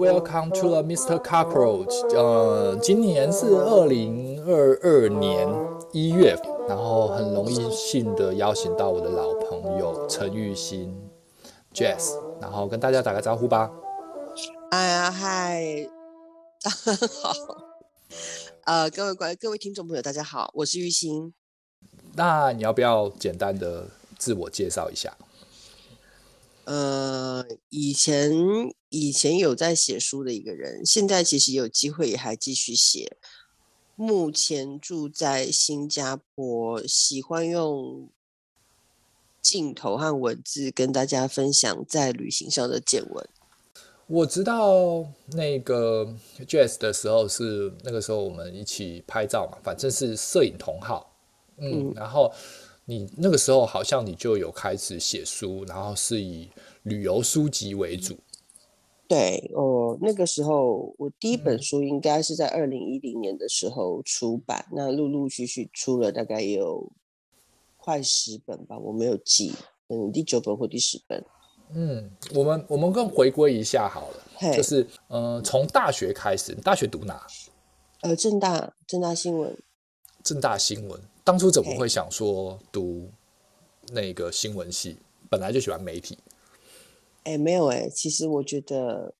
Welcome to a Mr. Cockroach 呃，今年是二零二二年一月，然後很榮幸的邀請到我的老朋友陳彧馨 Jess，然後跟大家打個招呼吧。哎呀，嗨，好，各位觀，各位聽眾朋友，大家好，我是彧馨。那你要不要簡單的自我介紹一下？呃、uh,，以前。以前有在寫書的一個人，現在其實有機會也還繼續寫。目前住在新加坡，喜歡用鏡頭和文字跟大家分享在旅行上的見聞。我知道那個 Jazz 的時候是那個時候我們一起拍照嘛，反正是攝影同好。嗯。嗯，然後你那個時候好像你就有開始寫書，然後是以旅遊書籍為主。對哦，那個時候我第一本書應該是在二零一零年的時候出版，嗯，那陸陸續續出了大概有快十本吧，我沒有記，嗯，第九本或第十本。嗯，我們我們更回歸一下好了，就是呃，從大學開始，你大學讀哪？呃，政大，政大新聞。政大新聞，當初怎麼會想說讀那個新聞系？本來就喜歡媒體。哎、欸，沒有哎、欸，其實我覺得，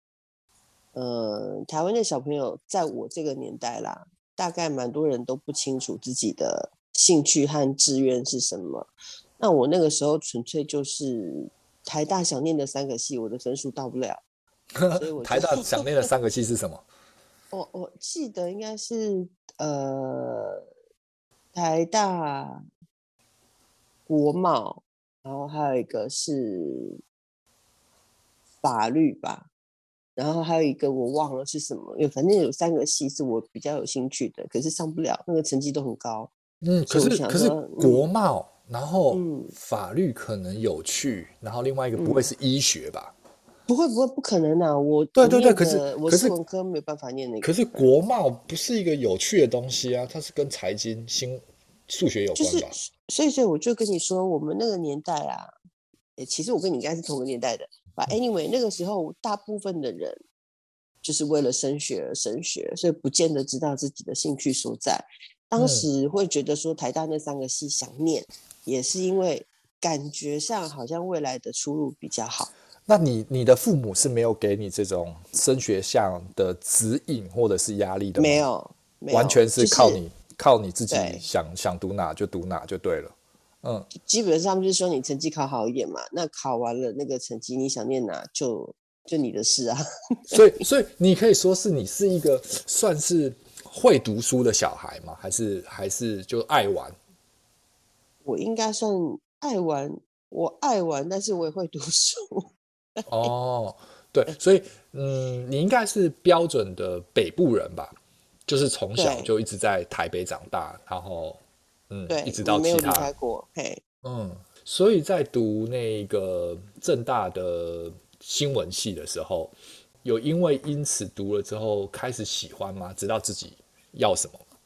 呃，台灣的小朋友在我這個年代啦，大概蠻多人都不清楚自己的興趣和志願是什麼。那我那個時候純粹就是台大想念的三個系，我的分數到不了，所以我 台大想念的三個系是什麼？ 我我記得應該是呃，台大國貿，然後還有一個是。法律吧，然後還有一個我忘了是什麼，有，反正有三個系是我比較有興趣的，可是上不了，那個成績都很高。嗯，可是想說可是國貿、嗯，然後法律可能有趣、嗯，然後另外一個不會是醫學吧？嗯，不會不會不可能吶，啊！我對對對，可是我是文科，沒有辦法念那個。可是，可是國貿不是一個有趣的東西啊，它是跟財經、新數學有關的，就是。所以所以我就跟你說，我們那個年代啊，其實我跟你應該是同個年代的。Anyway，那個時候大部分的人就是為了升學而升學，所以不見得知道自己的興趣所在。當時會覺得說台大那三個系想念，也是因為感覺上好像未來的出路比較好。那你，你的父母是沒有給你這種升學向的指引或者是壓力的嗎？沒有，沒有，完全是靠你、就是，靠你自己想想讀哪就讀哪就對了。嗯，基本上就是說你成績考好一點嘛，那考完了那個成績，你想念哪就就你的事啊。 所以，所以你可以說是你是一個算是會讀書的小孩嗎？還是還是就愛玩？我應該算愛玩，我愛玩，但是我也會讀書。 哦，對，所以嗯，你應該是標準的北部人吧？就是從小就一直在台北長大，然後。嗯，對，一直到其他沒有離開過嘿。嗯，所以在讀那個政大的新聞系的時候，有因為因此讀了之後開始喜歡嗎？知道自己要什麼嗎？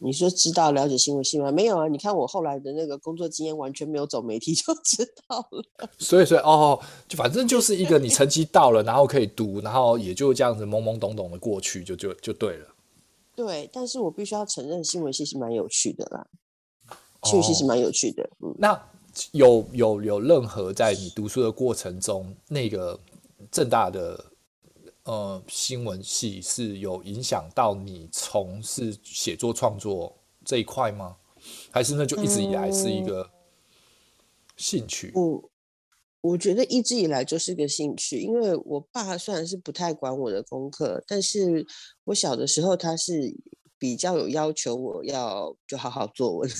你說知道了解新聞系嗎？沒有啊！你看我後來的那個工作經驗完全沒有走媒體就知道了。所以，所以哦，就反正就是一個你成績到了， 然後可以讀，然後也就這樣子懵懵懂懂的過去，就就就對了。對，但是我必須要承認，新聞系是蠻有趣的啦。確實是蠻有趣的。哦嗯、那有有有任何在你讀書的過程中，那個政大的呃新聞系是有影響到你從事寫作創作這一塊嗎？還是那就一直以來是一個興趣？嗯、我我覺得一直以來就是個興趣，因為我爸雖然是不太管我的功課，但是我小的時候他是。比較有要求，我要就好好作文，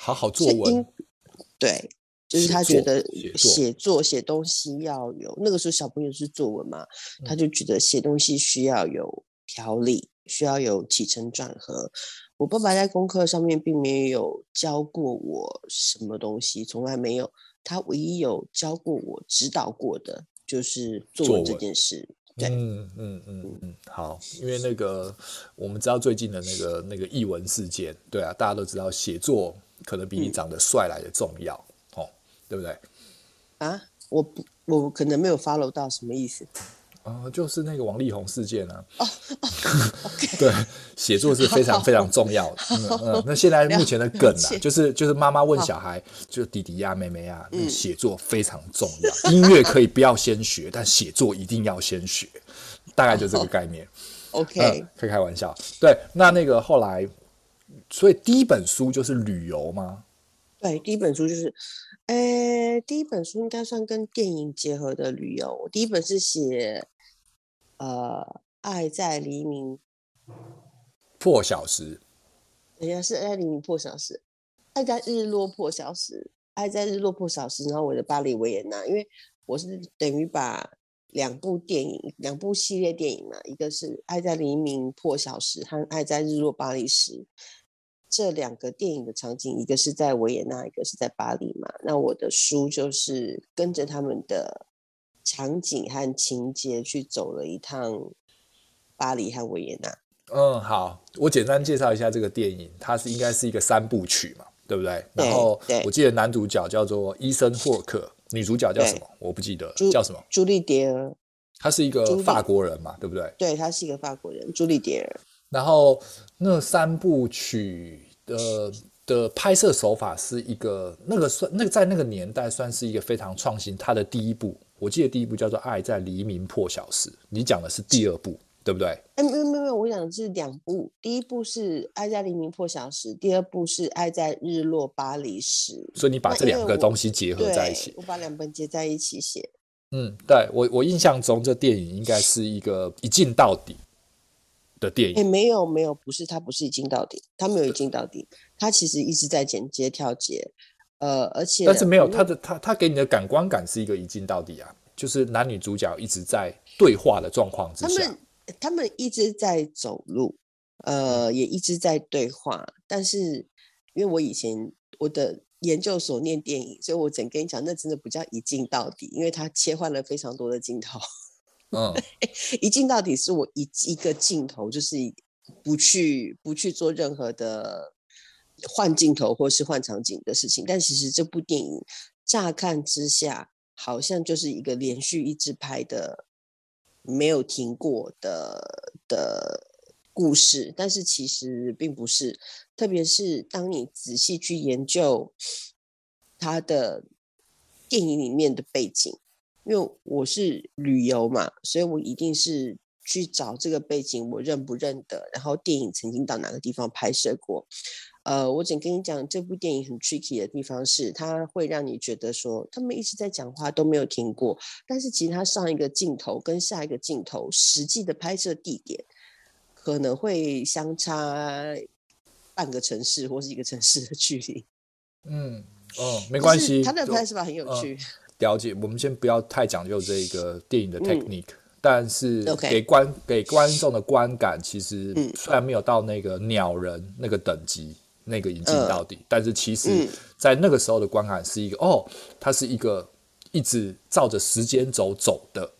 好好作文。對，就是他覺得寫作，寫作，寫東西要有，那個時候小朋友是作文嘛，他就覺得寫東西需要有條理、嗯，需要有起承轉合。我爸爸在功課上面並沒有教過我什麼東西，從來沒有。他唯一有教過我、指導過的，就是作文這件事。嗯嗯嗯嗯，好，因為那個我們知道最近的那個那個藝文事件，對啊，大家都知道寫作可能比你長得帥來的重要，哦、嗯，對不對？啊，我我可能沒有 follow 到什麼意思。哦、呃，就是那個王力宏事件呢、啊。哦、oh, oh,，okay. 對，寫作是非常非常重要的。好好嗯，嗯、呃，那現在目前的梗呢、啊，就是就是媽媽問小孩，就弟弟呀、啊、妹妹呀、啊，寫、那個、作非常重要。嗯、音樂可以不要先學， 但寫作一定要先學。大概就這個概念。Oh, OK，開、呃、開玩笑。對，那那個後來，所以第一本書就是旅遊嗎？對，第一本書就是，欸、第一本書應該算跟電影結合的旅遊。第一本是寫。呃，愛在黎明破曉時，人家是愛在黎明破曉時，愛在日落破曉時，愛在日落破曉時。然後我的巴黎維也納，因為我是等於把兩部電影、兩部系列電影嘛，一個是愛在黎明破曉時，和愛在日落巴黎時這兩個電影的場景，一個是在維也納，一個是在巴黎嘛。那我的書就是跟着他們的。場景和情節去走了一趟巴黎和維也納。嗯，好，我簡單介紹一下這個電影，它是應該是一個三部曲嘛，對不對？對，然後我記得男主角叫做伊森霍克，女主角叫什麼？我不記得叫什麼。茱莉蝶兒，他是一個法國人嘛，對不對？對，他是一個法國人，茱莉蝶兒。然後那三部曲的的拍攝手法是一個，那個算那個在那個年代算是一個非常創新。他的第一部。我記得第一部叫做《愛在黎明破曉時》，你講的是第二部，對不對？哎，沒有沒有沒有，我講的是兩部，第一部是《愛在黎明破曉時》，第二部是《愛在日落巴黎時》。所以你把這兩個東西結合在一起，我，我把兩本結在一起寫。嗯，對，我，我印象中這電影應該是一個一鏡到底的電影。哎，沒有沒有，不是，他不是一鏡到底，他沒有一鏡到底，他、呃、其實一直在剪接跳接。呃，而且，但是沒有他的他他給你的感官感是一個一鏡到底啊，就是男女主角一直在對話的狀況之下，他們他們一直在走路，呃，也一直在對話，但是因為我以前我的研究所念電影，所以我整跟你講，那真的不叫一鏡到底，因為它切換了非常多的鏡頭。 嗯，欸、一鏡到底是我一一個鏡頭，就是不去不去做任何的。換鏡頭或是換場景的事情，但其實這部電影乍看之下好像就是一個連續一直拍的、沒有停過的的故事，但是其實並不是。特別是當你仔細去研究他的電影裡面的背景，因為我是旅遊嘛，所以我一定是。去找這個背景，我認不認得？然後電影曾經到哪個地方拍攝過？呃，我只跟你講，這部電影很 tricky 的地方是，它會讓你覺得說他們一直在講話都沒有停過，但是其實它上一個鏡頭跟下一個鏡頭實際的拍攝地點可能會相差半個城市或是一個城市的距離。嗯，哦，沒關係，他的拍是吧？很有趣，嗯。了解，我們先不要太講究這一個電影的 technique。嗯但是給觀、okay. 給觀眾的觀感，其實雖然沒有到那個鳥人那個等級、嗯、那個一鏡到底、呃，但是其實在那個時候的觀感是一個、嗯、哦，它是一個一直照着時間走走的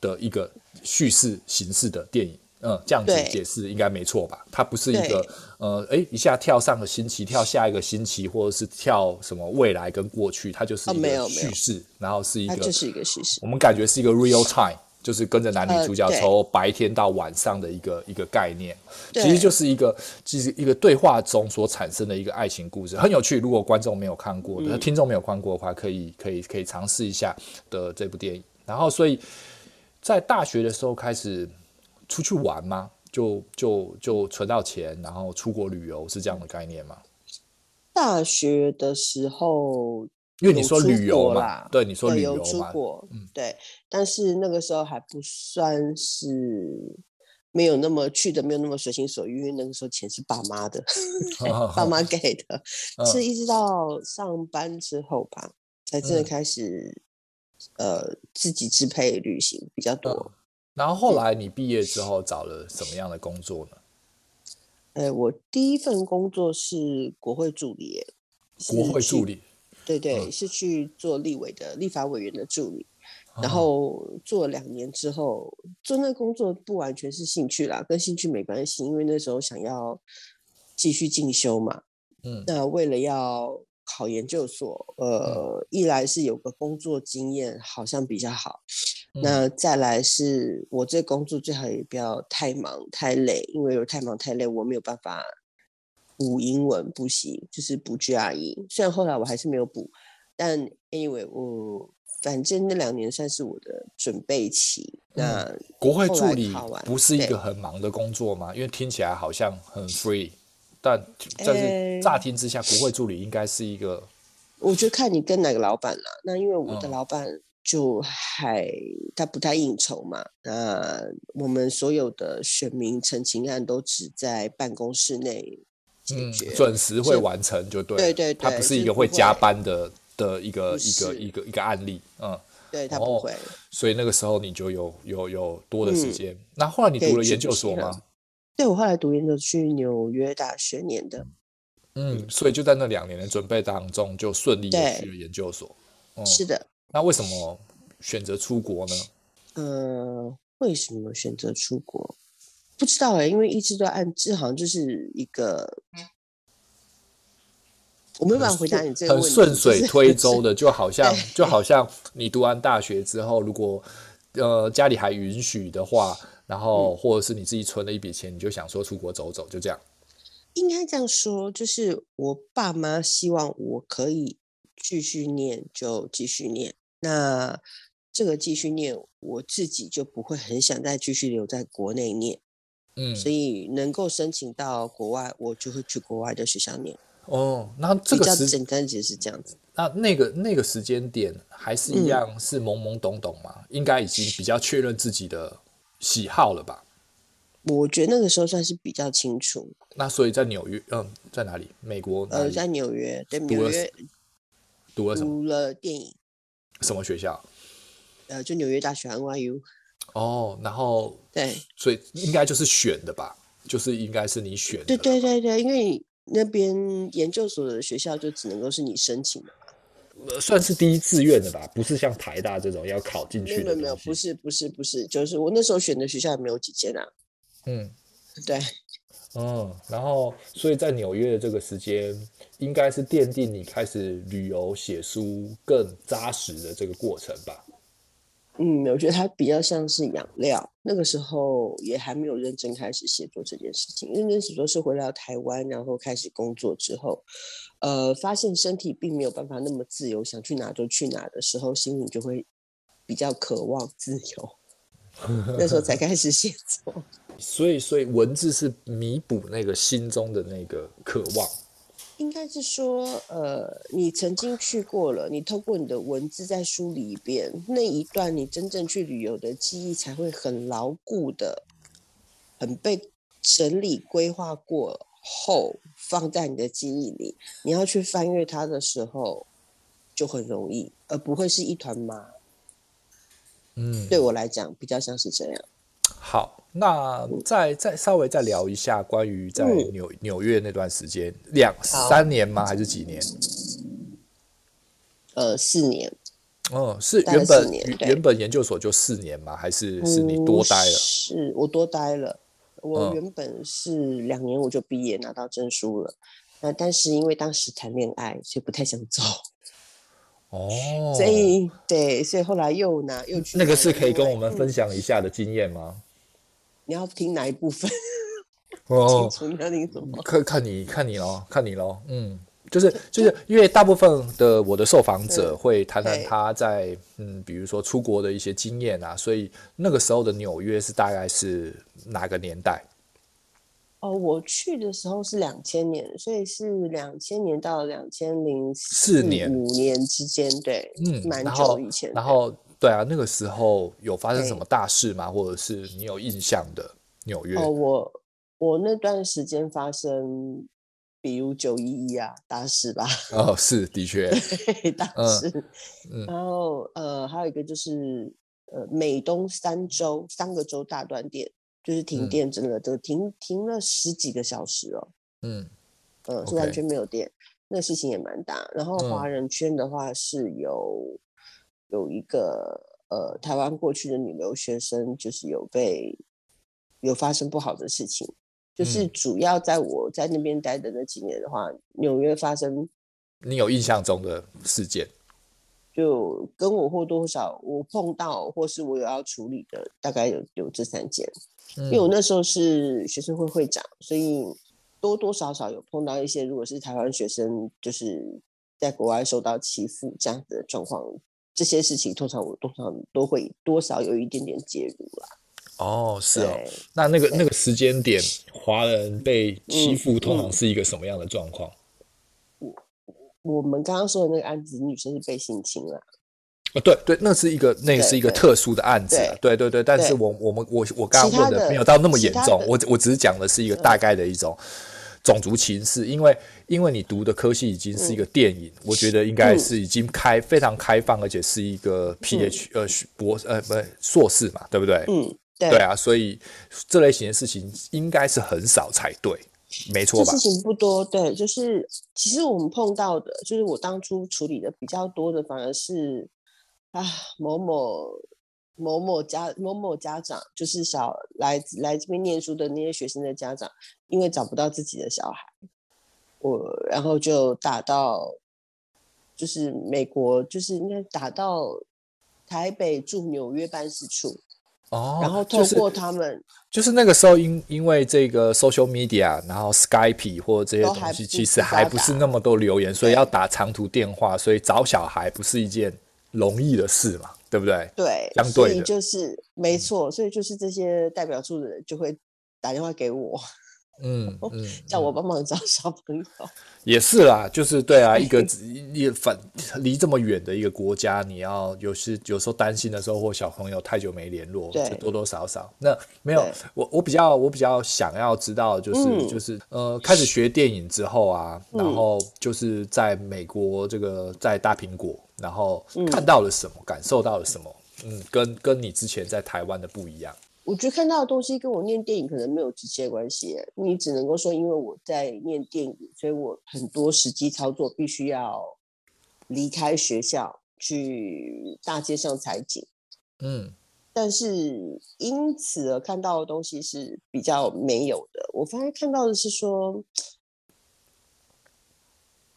的一個敘事形式的電影。嗯，這樣子解釋應該沒錯吧？它不是一個呃，哎一下跳上個星期，跳下一個星期，或者是跳什麼未來跟過去，它就是一個敘事，哦、然後是一個它是一個敘事，我們感覺是一個 real time。就是跟着男女主角從白天到晚上的一個、呃、一個概念，其實就是一個其實一個對話中所產生的一個愛情故事，很有趣。如果觀眾沒有看過，那、嗯、聽眾沒有看過的話，可以可以可以嘗試一下的這部電影。然後，所以在大學的時候開始出去玩嘛，就就就存到錢，然後出國旅遊，是這樣的概念嗎？大學的時候。因為你說旅遊嘛，嘛對你說旅遊嘛出國，嗯，對。但是那個時候還不算是沒有那麼去的，沒有那麼隨心所欲。因為那個時候錢是爸媽的，哦、 爸媽給的、哦。是一直到上班之後吧，嗯、才真的開始、嗯、呃自己支配旅行比較多、嗯。然後後來你畢業之後找了什麼樣的工作呢？哎、嗯呃，我第一份工作是國會助理。國會助理。對對、嗯，是去做立委的立法委員的助理，嗯、然後做了兩年之後，做那工作不完全是興趣啦，跟興趣沒關係，因為那時候想要繼續進修嘛。嗯，那為了要考研究所，呃、嗯、一來是有個工作經驗好像比較好、嗯，那再來是我這工作最好也不要太忙太累，因為有太忙太累，我沒有辦法。補英文補習就是補 GRE，雖然後來我還是沒有補，但 anyway 我、嗯、反正那兩年算是我的準備期。嗯、那國會助理不是一個很忙的工作嗎？因為聽起來好像很 free，但但是乍聽之下，欸、國會助理應該是一個……我就看你跟哪個老闆了。那因為我的老闆就還、嗯、他不太應酬嘛，那我們所有的選民陳情案都只在辦公室內。嗯，準時會完成就對，對，對對，它不是一個會加班的的一個一個一個一個案例，嗯，對，它不會後，所以那個時候你就有有有多的時間、嗯。那後來你讀了研究所嗎？對，我後來讀研究是去紐約大學念的，嗯，所以就在那兩年的準備當中就順利的去了研究所、嗯。是的，那為什麼選擇出國呢？嗯、呃，為什麼選擇出國？不知道哎、欸，因為一直都按這好像就是一個，我沒辦法回答你這個問題，很順水推舟的，就，是、 就好像就好像你讀完大學之後， 如果呃家裡還允許的話，然後、嗯、或者是你自己存了一筆錢，你就想說出國走走，就這樣。應該這樣說，就是我爸媽希望我可以繼續念，就繼續念。那這個繼續念，我自己就不會很想再繼續留在國內念。嗯，所以能夠申請到國外，我就會去國外的學校唸。哦，那這個簡單只是這樣子。那那個那個時間點還是一樣是懵懵懂懂，懂嗎？嗯、應該已經比較確認自己的喜好了吧？我覺得那個時候算是比較清楚。那所以在紐約，嗯、呃，在哪裡？美國哪裡、呃、在紐約，對，紐約讀了什麼？讀了電影？什麼學校？呃，就紐約大學，NYU。哦，然後對，所以應該就是選的吧，就是應該是你選的。對對對對，因為那邊研究所的學校就只能夠是你申請的。算是第一志願的吧，不是像台大這種要考進去的。沒有沒有，不是不是不是，就是我那時候選的學校也沒有幾間啊。嗯，對，嗯，然後所以在紐約的這個時間，應該是奠定你開始旅遊、寫書更扎實的這個過程吧。嗯，我覺得它比較像是養料。那個時候也還沒有認真開始寫作這件事情。認真寫作是回到台灣，然後開始工作之後，呃，發現身體並沒有辦法那麼自由，想去哪就去哪的時候，心裡就會比較渴望自由。 那時候才開始寫作。 所以，所以文字是彌補那個心中的那個渴望。應該是說，呃，你曾經去過了，你透過你的文字再梳理一遍那一段，你真正去旅遊的記憶才會很牢固的，很被整理規劃過後放在你的記憶裡，你要去翻閱它的時候就很容易，而不會是一團麻。嗯，對我來講比較像是這樣。好，那再再稍微再聊一下關於在紐紐約那段時間，兩三年嗎？還是幾年？呃，四年。哦、呃，是原本原本研究所就四年嗎？還是是你多待了？嗯、是我多待了。我原本是兩年我就畢業拿到證書了，那、呃、但是因為當時談戀愛，所以不太想走。哦、oh,，所以對，所以後來又拿又去，那、嗯、個是可以跟我們分享一下的經驗嗎？嗯、你要聽哪一部分？哦、 oh,，你要聽什麼？看看你看你嘍，看你嘍，嗯，就是就是因為大部分的我的受訪者會談談他在嗯，比如說出國的一些經驗啊，所以那個時候的紐約是大概是哪個年代？哦，我去的時候是兩千年，所以是兩千年到兩千零四年五年之間，對，嗯，蠻久以前。然後，對，然後對啊，那個時候有發生什麼大事嗎？欸、或者是你有印象的紐約？哦，我我那段時間發生，比如九一一啊，大事吧。哦，是，的確，嘿 大事。嗯嗯、然後呃，還有一個就是呃，美東三州三個州大斷電。就是停電，真的、嗯、都停停了十幾個小時哦。嗯，呃，是完全沒有電，那事情也蠻大。然後華人圈的話，是有、嗯、有一個呃，台灣過去的女留學生，就是有被有發生不好的事情。就是主要在我在那邊待的那幾年的話，嗯、紐約發生，你有印象中的事件，就跟我或多或少我碰到，或是我有要處理的，大概有有這三件。嗯、因為我那時候是學生會會長，所以多多少少有碰到一些，如果是臺灣學生，就是在國外受到欺負這樣子的狀況，這些事情通常我通常都會多少有一點點介入啦、啊。哦，是哦。那那個那個時間點，華人被欺負通常是一個什麼樣的狀況、嗯嗯？我我們剛剛說的那個案子，女生是被性侵了。對對，那是一個，那是一個特殊的案子、啊。對對對，對，對對，但是我我們我我剛剛問的沒有到那麼嚴重，我只我只是講的是一個大概的一種種族歧視，因為因為你讀的科系已經是一個電影，嗯、我覺得應該是已經開、嗯、非常開放，而且是一個 P H、嗯、呃博呃不對碩士嘛，對不對？嗯對，對啊，所以這類型的事情應該是很少才對，沒錯吧？事情不多，對，就是其實我們碰到的，就是我當初處理的比較多的，反而是。啊，某某某某家某某家長，就是小來來這邊念書的那些學生的家長，因為找不到自己的小孩，我然後就打到，就是美國，就是應該打到台北駐紐約辦事處哦，然後透過他們，就是、就是、那個時候因因為這個 social media，然後 Skype 或者這些東西，其實還不，還不是那麼多留言，所以要打長途電話，所以找小孩不是一件容易的事嘛，對不對？對，相對的，所以就是沒錯，所以就是這些代表處的人就會打電話給我。嗯嗯，叫我幫忙找小朋友、嗯、也是啦，就是對啊， 一個一個反離這麼遠的一個國家，你要有時有時候擔心的時候，或小朋友太久沒聯絡，就多多少少。那沒有我，我比較我比較想要知道、就是嗯，就是就是呃，開始學電影之後啊、嗯，然後就是在美國這個在大蘋果，然後看到了什麼、嗯，感受到了什麼，嗯，跟跟你之前在台灣的不一樣。我覺得看到的東西跟我念電影可能沒有直接關係。你只能夠說，因為我在念電影，所以我很多實際操作必須要離開學校去大街上採景。嗯，但是因此而看到的東西是比較沒有的。我發現看到的是說，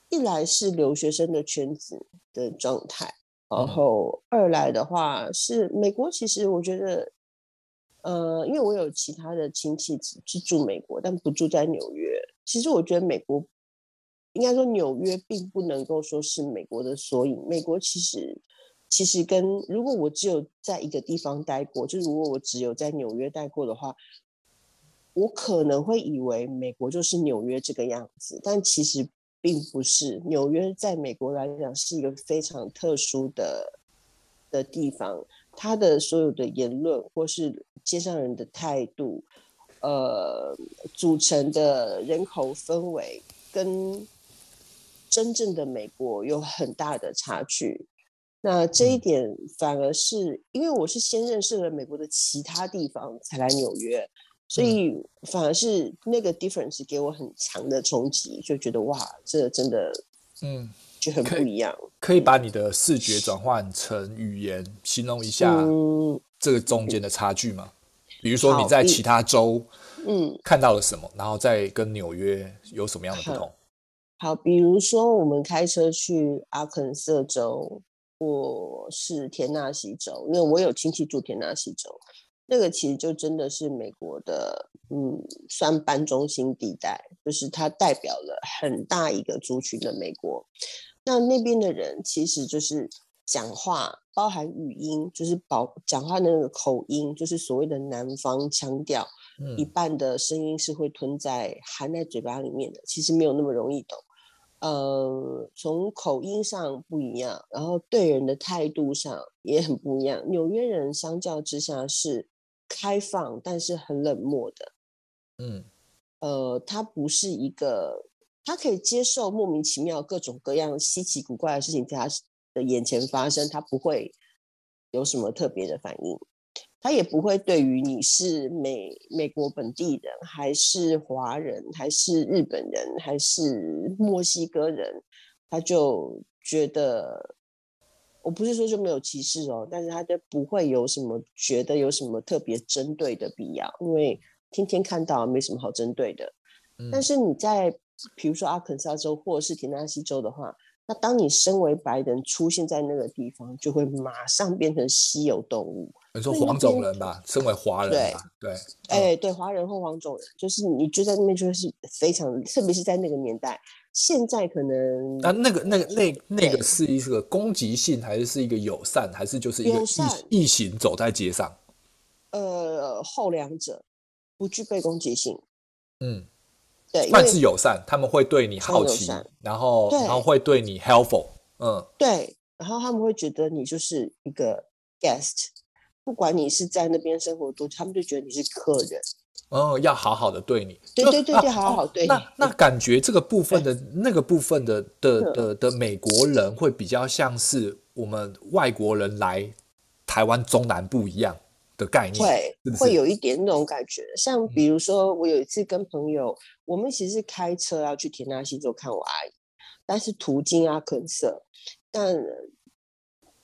一來是留學生的圈子的狀態，然後二來的話是美國，其實我覺得。呃，因為我有其他的親戚是住美國，但不住在紐約。其實我覺得美國應該說紐約並不能夠說是美國的縮影。美國其實其實跟，如果我只有在一個地方待過，就如果我只有在紐約待過的話，我可能會以為美國就是紐約這個樣子，但其實並不是。紐約在美國來講是一個非常特殊的的地方。他的所有的言論，或是街上人的態度，呃，組成的人口氛圍，跟真正的美國有很大的差距。那這一點反而是因為我是先認識了美國的其他地方才來紐約，所以反而是那個 difference 給我很強的衝擊，就覺得哇，這真的，嗯。就很不一樣。可，可以把你的視覺轉換成語言、嗯，形容一下這個中間的差距嗎、嗯？比如說你在其他州，嗯，看到了什麼，嗯、然後再跟紐約有什麼樣的不同好？好，比如說我們開車去阿肯色州，或是田納西州，因為我有親戚住田納西州，那個其實就真的是美國的，嗯，三班中心地帶，就是它代表了很大一個族群的美國。那那邊的人其實就是講話包含語音，就是保講話的那個口音，就是所謂的南方腔調。嗯。一半的聲音是會吞在含在嘴巴裡面的，其實沒有那麼容易懂。呃，從口音上不一樣，然後對人的態度上也很不一樣。紐約人相較之下是開放，但是很冷漠的。嗯。呃，他不是一個。他可以接受莫名其妙、各種各樣稀奇古怪的事情在他的眼前發生，他不會有什麼特別的反應。他也不會對於你是美美國本地人，還是華人，還是日本人，還是墨西哥人，他就覺得我不是說就沒有歧視哦，但是他就不會有什麼覺得有什麼特別針對的必要，因為天天看到沒什麼好針對的。嗯、但是你在。比如說阿肯色州或者是田納西州的話，那當你身為白人出現在那個地方，就會馬上變成稀有動物。你說黃種人吧，身為華人吧，對，哎、欸嗯，對，華人或黃種人，就是你就在那邊，就是非常，特別是在那個年代。現在可能那那個那個那，那個是一個攻擊性，還是是一個友善，還是就是一個異異形走在街上？呃，後兩者不具備攻擊性。嗯。對，萬事友善，他們會對你好奇，然後然後會對你 helpful，嗯，對，然後他們會覺得你就是一個 guest，不管你是在那邊生活多久，他們就覺得你是客人，哦，要好好的對你，對對對，對，要好好對你，哦哦。那感覺這個部分的、那個部分的、的的的、的、嗯、美國人會比較像是我們外國人來台灣中南部一樣。的概念會是是會有一點那種感覺，像比如說，我有一次跟朋友，嗯、我們其實是開車要、啊、去田納西州看我阿姨，但是途經阿、啊、肯色，但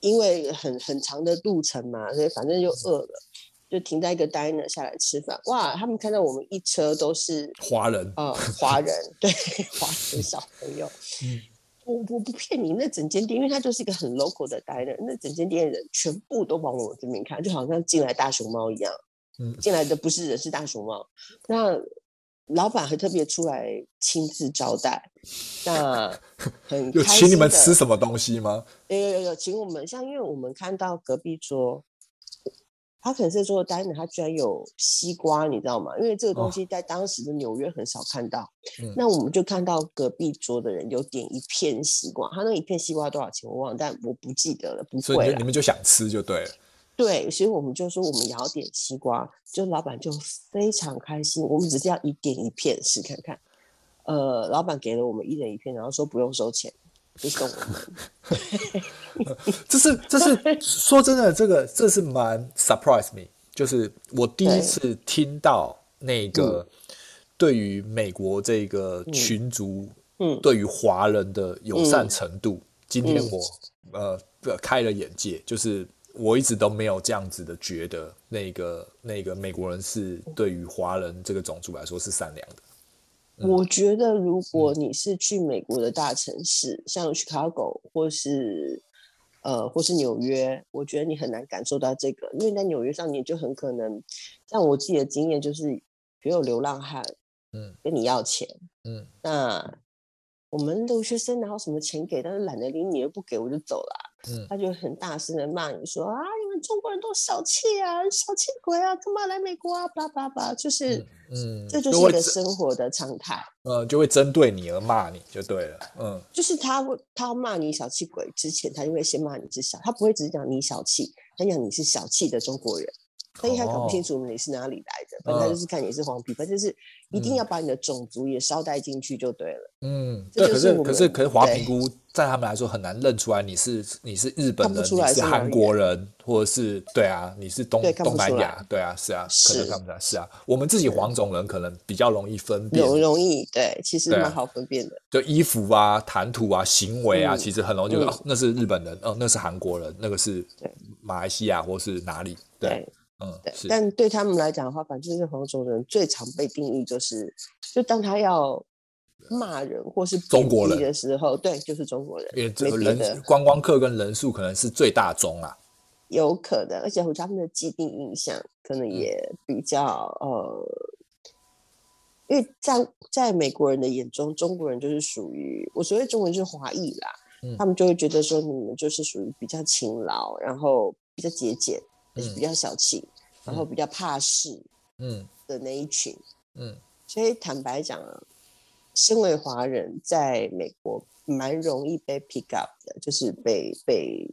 因為很很長的路程嘛，所以反正就餓了，嗯、就停在一個 diner 下來吃飯。哇，他們看到我們一車都是華人啊，華人、呃、華人 對華人小朋友。嗯嗯我我不騙你，那整間店，因為它就是一個很 local 的 diner，那整間店的人全部都往我這邊看，就好像進來大熊貓一樣。進來的不是人，是大熊貓、嗯。那老闆還特別出來親自招待，那、呃、 很。有請你們吃什麼東西嗎？有有有請我們，像因為我們看到隔壁桌。他可能是做單子，他居然有西瓜，你知道嗎？因為這個東西在當時的紐約很少看到。哦。嗯。那我們就看到隔壁桌的人有點一片西瓜，他那一片西瓜多少錢我忘了，但我不記得了，不會。所以你們就想吃就對了。對，所以我們就說我們也要點西瓜，就老闆就非常開心。我們只是要一點一片試看看。呃，老闆給了我們一人一片，然後說不用收錢。不懂。 這是這是說真的，這個這是蠻 surprise me，就是我第一次聽到那個對於美國這個群族，嗯，對於華人的友善程度，嗯嗯嗯嗯、今天我呃開了眼界，就是我一直都沒有這樣子的覺得那個那個美國人是對於華人這個種族來說是善良的。 我覺得，如果你是去美國的大城市，嗯，像 Chicago 或是，呃，或是紐約，我覺得你很難感受到這個，因為在紐約上，你就很可能，像我自己的經驗，就是比如有流浪漢，嗯，跟你要錢，嗯，那我們留學生哪有什麼錢給，但是懶得理你又不給，我就走了。嗯，他就很大聲的罵你說啊，你們中國人都小氣啊，小氣鬼啊，幹嘛來美國啊，叭叭叭，就是嗯，嗯，這就是一個生活的常態。呃，就會針對你而罵你就對了，嗯，就是他會他罵你小氣鬼之前，他就會先罵你至少，他不會只講你小氣，他講你是小氣的中國人，他一下搞不清楚你是哪裡的。哦本來就是看你是黃皮、嗯、反正是一定要把你的種族也捎帶進去就對了。嗯，對，可是可是可是華評估在他們來說很難認出來，你是你是日本人，你是韓國人，或者是，對啊，你是東東南亞，對啊，是啊，是看不出來，是啊，可能看不出來，是啊，我們自己黃種人可能比較容易分辨，容易，對，其實蠻好分辨的。就衣服啊、談吐啊、行為啊、嗯，其實很容易就說、嗯哦嗯、那是日本人哦、嗯，那是韓國人，那個是馬來西亞或是哪裡，對。對。嗯，對，但對他們來講的話，反正是黃種人最常被定義就是，就當他要罵人或是中國人的時候，對，就是中國人。因為人的觀光客跟人數可能是最大宗啦、啊，有可能，而且他們的既定印象可能也比較、嗯、呃，因為在在美國人的眼中，中國人就是屬於我所謂中國人就是華裔啦、嗯，他們就會覺得說你們就是屬於比較勤勞，然後比較節儉。就是比較小氣、嗯，然後比較怕事，嗯的那一群嗯，嗯，所以坦白講啊，身為華人在美國蠻容易被 pick up 的，就是被被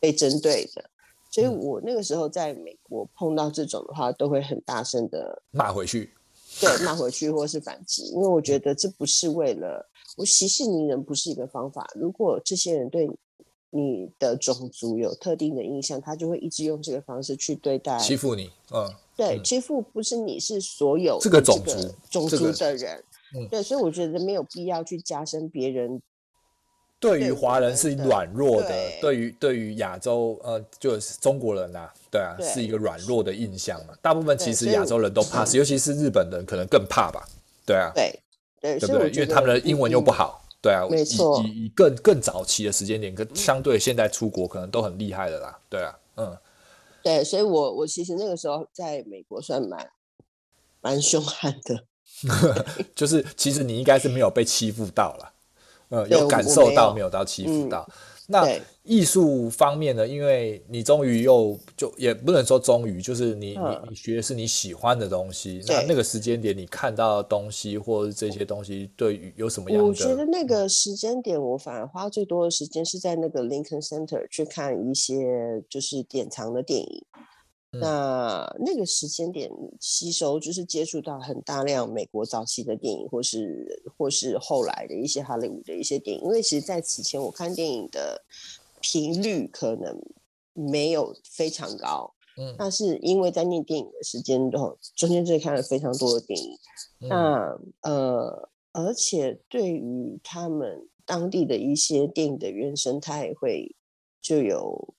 被針對的。所以我那個時候在美國碰到這種的話，都會很大聲的罵回去，對，罵回去或是反擊，因為我覺得這不是為了我息事寧人不是一個方法。如果這些人對你，你的種族有特定的印象，他就會一直用這個方式去對待欺負你，嗯，對，欺負不是你，是所有這個種族、這個、種族的人、這個嗯，對，所以我覺得沒有必要去加深別人對於華人是軟弱的，對於對於亞洲，呃，就是中國人啊，對啊，對，是一個軟弱的印象嘛。大部分其實亞洲人都怕，尤其是日本人可能更怕吧，對啊，對對，對。對。因為他們的英文又不好。對啊，沒錯，以以更更早期的時間點，跟相對現在出國可能都很厲害的啦，對啊，嗯，對，所以我我其實那個時候在美國算蠻蠻凶悍的， 就是其實你應該是沒有被欺負到了， 嗯，有感受到沒有到欺負到。那藝術方面呢？因為你終於又就也不能說終於，就是你、嗯、你你學的是你喜歡的東西。那那個時間點，你看到的東西或是這些東西，對於有什麼樣的？我，我覺得那個時間點，我反而花最多的時間是在那個 Lincoln Center 去看一些就是典藏的電影。那那個時間點吸收，就是接觸到很大量美國早期的電影，或是或是後來的一些好萊塢的一些電影，因為其實在此前我看電影的頻率可能沒有非常高，嗯，但是因為在念電影的時間中，中間就看了非常多的電影，嗯、那呃，而且對於他們當地的一些電影的原生態會就有。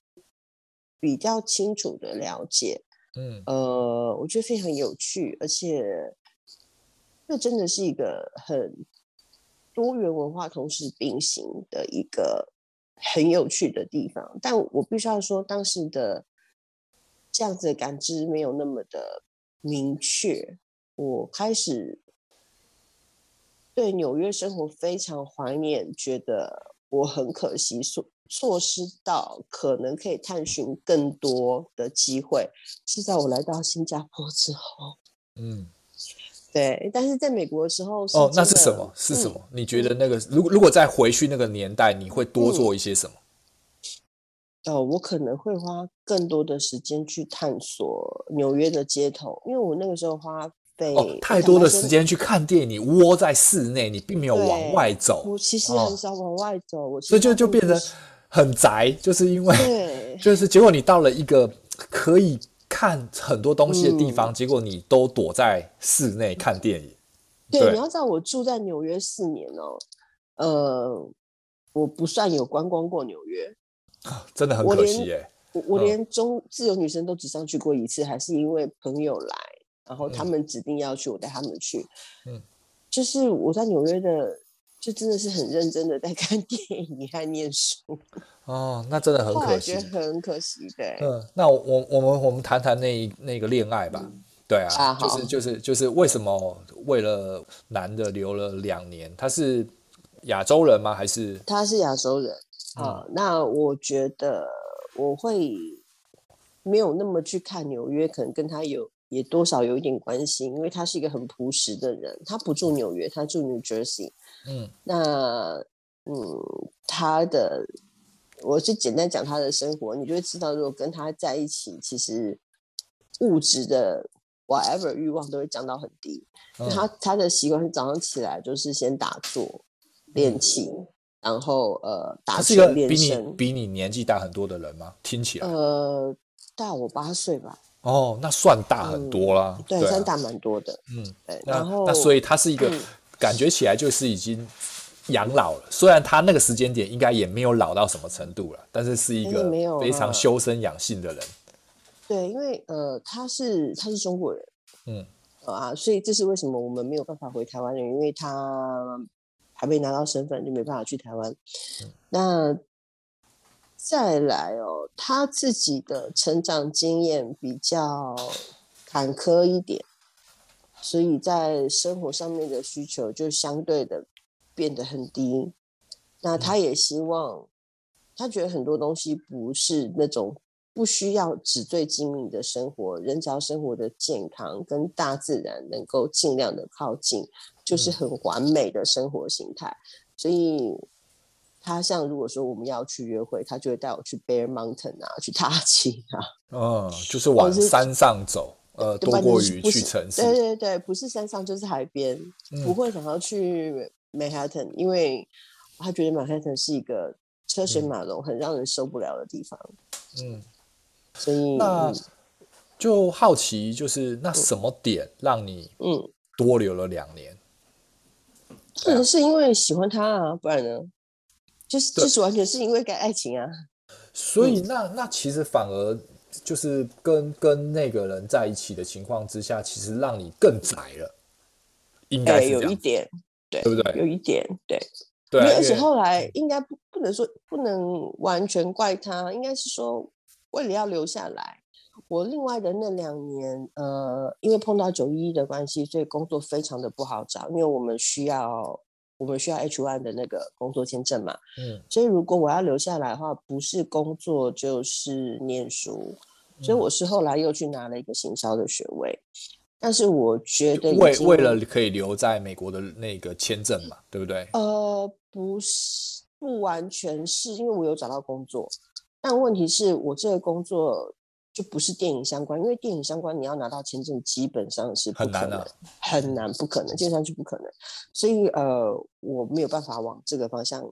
比較清楚的了解，嗯，呃，我覺得非常有趣，而且這真的是一個很多元文化同時並行的一個很有趣的地方。但我必須要說，當時的這樣子的感知沒有那麼的明確。我開始對紐約生活非常懷念，覺得我很可惜。措施到可能可以探尋更多的機會。是在我來到新加坡之後，嗯，對。但是在美國的時候的，哦，那是什麼？是什麼？嗯、你覺得那個？如果如果再回去那個年代，你會多做一些什麼？嗯嗯、哦，我可能會花更多的時間去探索紐約的街頭，因為我那個時候花費、哦、太多的時間去看電影，窩在室內，你並沒有往外走。我其實很少往外走，哦、我、哦、所以就就變成。很宅，就是因為，就是結果你到了一個可以看很多東西的地方，嗯、結果你都躲在室內看電影。對，對你要知道，我住在紐約四年哦。呃，我不算有觀光過紐約，真的很可惜耶。我連我連中自由女神都只上去過一次、嗯，還是因為朋友來，然後他們指定要去，嗯、我帶他們去。嗯，就是我在紐約的。就真的是很認真的在看電影，還念書哦，那真的很可惜，覺得很可惜的。嗯，那我們我們我們談談那一那個戀愛吧、嗯，對啊，啊就是就是就是為什麼為了男的留了兩年？他是亞洲人嗎？還是他是亞洲人？啊、嗯嗯，那我覺得我會沒有那麼去看紐約，可能跟他有也多少有一點關係，因為他是一個很樸實的人。他不住紐約，他住 New Jersey。嗯，那嗯，他的我就簡單講他的生活，你就會知道，如果跟他在一起，其實物質的 whatever 欲望都會降到很低。嗯、他他的習慣是早上起來就是先打坐、嗯、練琴，然後呃，打坐是一個比你比你年紀大很多的人嗎？聽起來呃大我八歲吧，哦，那算大很多啦，嗯、對、對、啊，算大蠻多的，嗯，對，然後那所以他是一個。嗯感覺起來就是已經養老了，雖然他那個時間點應該也沒有老到什麼程度了，但是是一個非常修身養性的人，欸啊。對，因為呃，他是他是中國人，嗯啊、呃，所以這是為什麼我們沒有辦法回台灣人，因為他還沒拿到身份，就沒辦法去台灣，嗯。那再來哦，他自己的成長經驗比較坎坷一點。所以在生活上面的需求就相對的變得很低、嗯。那他也希望，他覺得很多東西不是那種，不需要紙醉金迷的生活，人只要生活的，健康跟大自然能夠盡量的靠近，就是很完美的生活形態。嗯、所以，他像如果說我們要去約會，他就會帶我去 Bear Mountain 啊，去踏青啊。嗯、哦，就是往山上走。呃，多過於去城市，對對對，對，不是山上就是海邊，嗯，不會想要去曼哈頓，因為，他覺得曼哈頓是一個車水馬龍，嗯、很讓人受不了的地方。嗯，所以那、嗯、就好奇，就是那什麼點讓你嗯多留了兩年？是、嗯、是因為喜歡他啊，不然呢？就是就是完全是因為跟愛情啊。所以、嗯、那那其實反而。就是跟跟那個人在一起的情況之下，其實讓你更窄了，應該、欸、有一點，對，對不對？有一點，對對、啊。而且後來應該不不能說不能完全怪他，應該是說為了要留下來，我另外的那兩年，呃，因為碰到九一一的關係，所以工作非常的不好找，因為我們需要。我們需要 H one 的那個工作簽證嘛，嗯，所以如果我要留下來的話，不是工作就是念書，嗯，所以我是後來又去拿了一個行銷的學位，但是我覺得我為為了可以留在美國的那個簽證嘛，對不對？呃，不是，不完全是因為我有找到工作，但問題是我這個工作。就不是電影相關，因為電影相關你要拿到簽證基本上是不可能，很難，啊，很難不可能，基本上就不可能。所以呃，我沒有辦法往這個方向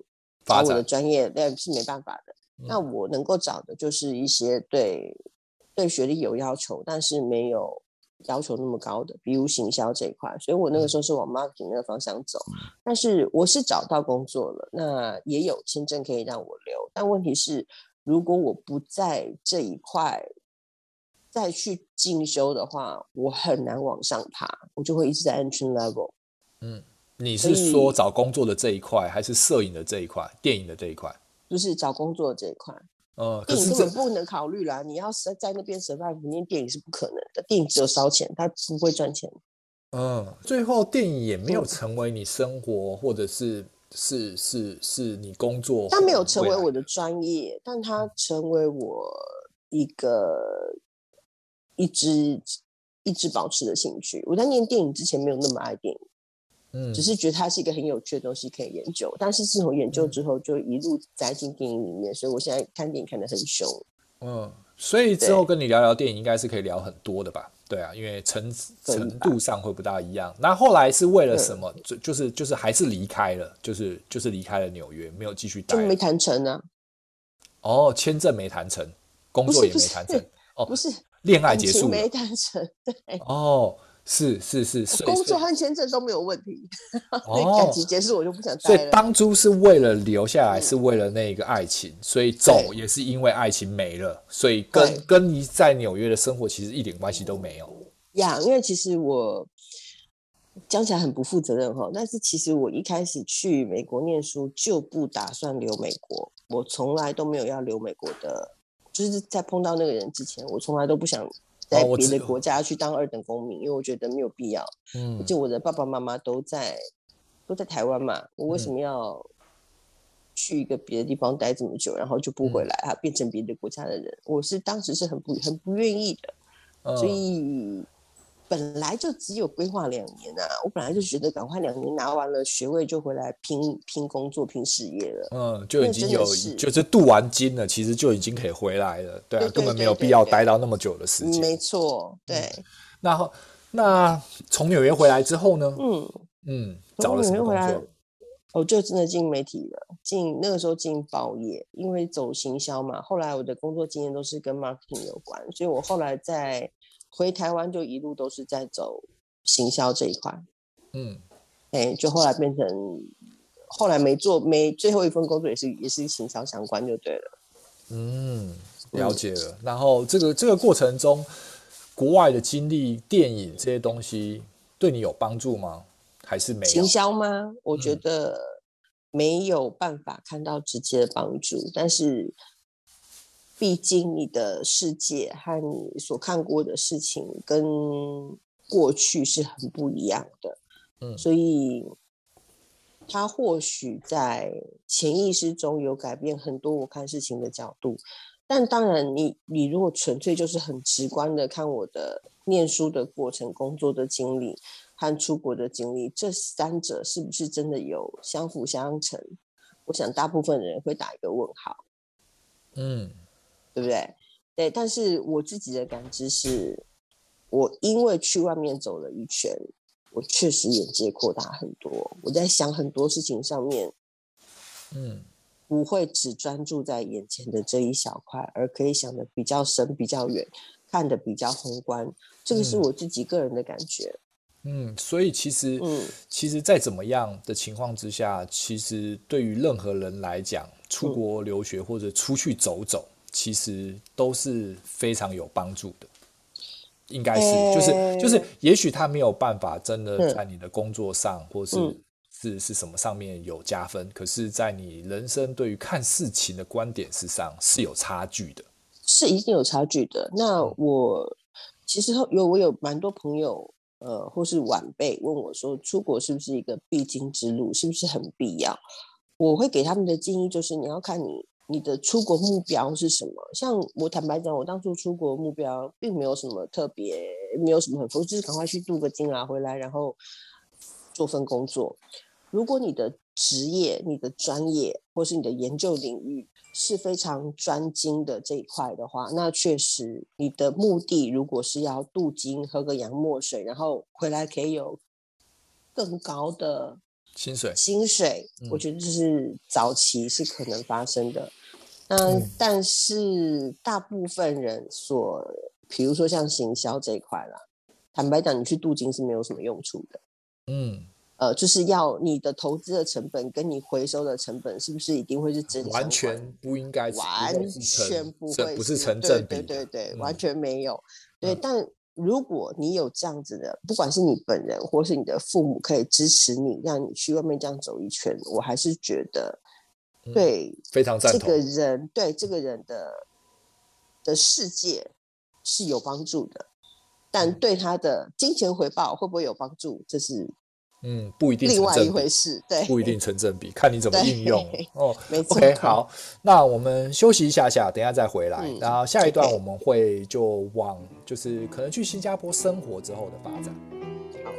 把我的專業，那是沒辦法的，嗯。那我能夠找的就是一些對對學歷有要求，但是沒有要求那麼高的，比如行銷這一塊。所以我那個時候是往 marketing 那個方向走，嗯，但是我是找到工作了，那也有簽證可以讓我留。但問題是，如果我不在這一塊，再去進修的話，我很難往上爬，我就會一直在 entry level。嗯，你是說找工作的這一塊，還是攝影的這一塊，電影的這一塊？就是找工作的這一塊。呃、嗯，電影根本不能考慮啦是。你要在在那邊 survive，念電影是不可能的。電影只有燒錢，它不會賺錢。嗯，最後電影也沒有成為你生活，或者是是是是你工作你。它沒有成為我的專業，但它成為我一個。一直一直保持的興趣。我在念電影之前沒有那麼愛電影，嗯，只是覺得它是一個很有趣的東西，可以研究。但是自從研究之後，就一路栽進電影裡面，嗯，所以我現在看電影看得很凶。嗯，所以之後跟你聊聊電影，應該是可以聊很多的吧？對，對啊，因為程程度上會不大一樣。那後，後來是為了什麼？嗯，就就是就是還是離開了，就是就是離開了紐約，沒有繼續談，就沒談成啊。哦，簽證沒談成，工作也沒談成。哦，不是。嗯，不是戀愛結束沒，單身。對哦，是是是，工作和簽證都沒有問題，那、哦、 感情結束我就不想待了。所以當初是為了留下來，嗯，是為了那個愛情，所以走也是因為愛情沒了。所以跟跟你在紐約的生活其實一點關係都沒有。呀，yeah, 因為其實我講起來很不負責任哈，但是其實我一開始去美國念書就不打算留美國，我從來都沒有要留美國的。就是在碰到那個人之前，我從來都不想在別的國家去當二等公民，哦、因為我覺得沒有必要。嗯，就我的爸爸媽媽都在，都在台灣嘛，我為什麼要去一個別的地方待這麼久，然後就不回來，嗯、啊？變成別的國家的人？我是當時是很不很不願意的，嗯、所以。本來就只有規劃兩年啊！我本來就覺得趕快兩年拿完了學位就回來拼拼工作拼事業了。嗯，就已經有是就是鍍完金了，其實就已經可以回來了。對啊，根本沒有必要待到那麼久的時間。沒錯，對。嗯、那那從紐約回來之後呢？嗯嗯，嗯，找了什麼工作？我就真的進媒體了，進那個時候進報業，因為走行銷嘛。後來我的工作經驗都是跟 marketing 有關，所以我後來在。回台灣就一路都是在走行銷這一塊，嗯，哎、欸，就後來變成後來沒做，沒最後一份工作也是也是行銷相關就對了，嗯，了解了。然後這個這個過程中，國外的經歷、電影這些東西對你有幫助嗎？還是沒有？行銷嗎？我覺得沒有辦法看到直接的幫助、嗯，但是。畢竟你的世界和你所看過的事情跟過去是很不一樣的，嗯，所以他或許在潛意識中有改變很多我看事情的角度。但當然你，你你如果純粹就是很直觀的看我的念書的過程、工作的經歷和出國的經歷，這三者是不是真的有相輔相成？我想大部分人會打一個問號。嗯。對不對？對，但是我自己的感知是，我因為去外面走了一圈，我確實眼界擴大很多。我在想很多事情上面，嗯，不會只專注在眼前的這一小塊，而可以想得比較深、比較遠，看得比較宏觀。這個是我自己個人的感覺。嗯，嗯，所以其實，嗯，其實再怎麼樣的情況之下，其實對於任何人來講，出國留學或者出去走走。嗯其實都是非常有幫助的，應該是，欸就是，就是就是，也許他沒有辦法真的在你的工作上，嗯、或是是是什麼上面有加分，嗯、可是，在你人生對於看事情的觀點之上，是有差距的，是一定有差距的。那我、嗯、其實有我有蠻多朋友，呃，或是晚輩問我說，出國是不是一個必經之路，是不是很必要？我會給他們的建議就是，你要看你。你的出國目標是什麼？像我坦白講，我當初出國目標並沒有什麼特別，沒有什麼很複雜，就是趕快去鍍個金啊，回來然後做份工作。如果你的職業、你的專業或是你的研究領域是非常專精的這一塊的話，那確實你的目的如果是要鍍金、喝個洋墨水，然後回來可以有更高的。薪水，薪水、嗯，我覺得就是早期是可能發生的。嗯，但是大部分人所，比如說像行銷這一塊啦，坦白講，你去鍍金是沒有什麼用處的。嗯，呃，就是要你的投資的成本跟你回收的成本是不是一定會是正，完全不應該，完全不會是不是成正比對對對，對、嗯、完全沒有對、嗯、但。如果你有這樣子的，不管是你本人或是你的父母，可以支持你，讓你去外面這樣走一圈，我還是覺得對、嗯，非常贊同，這個人對這個人的的世界是有幫助的，但對他的金錢回報會不會有幫助，這是？嗯，不一定成正比，另外一回事對，不一定成正比，對，不一定成正比，看你怎麼應用。哦，沒錯。OK，好，那我們休息一下下，等一下再回來，嗯。然後下一段我們會就往就是可能去新加坡生活之後的發展。好。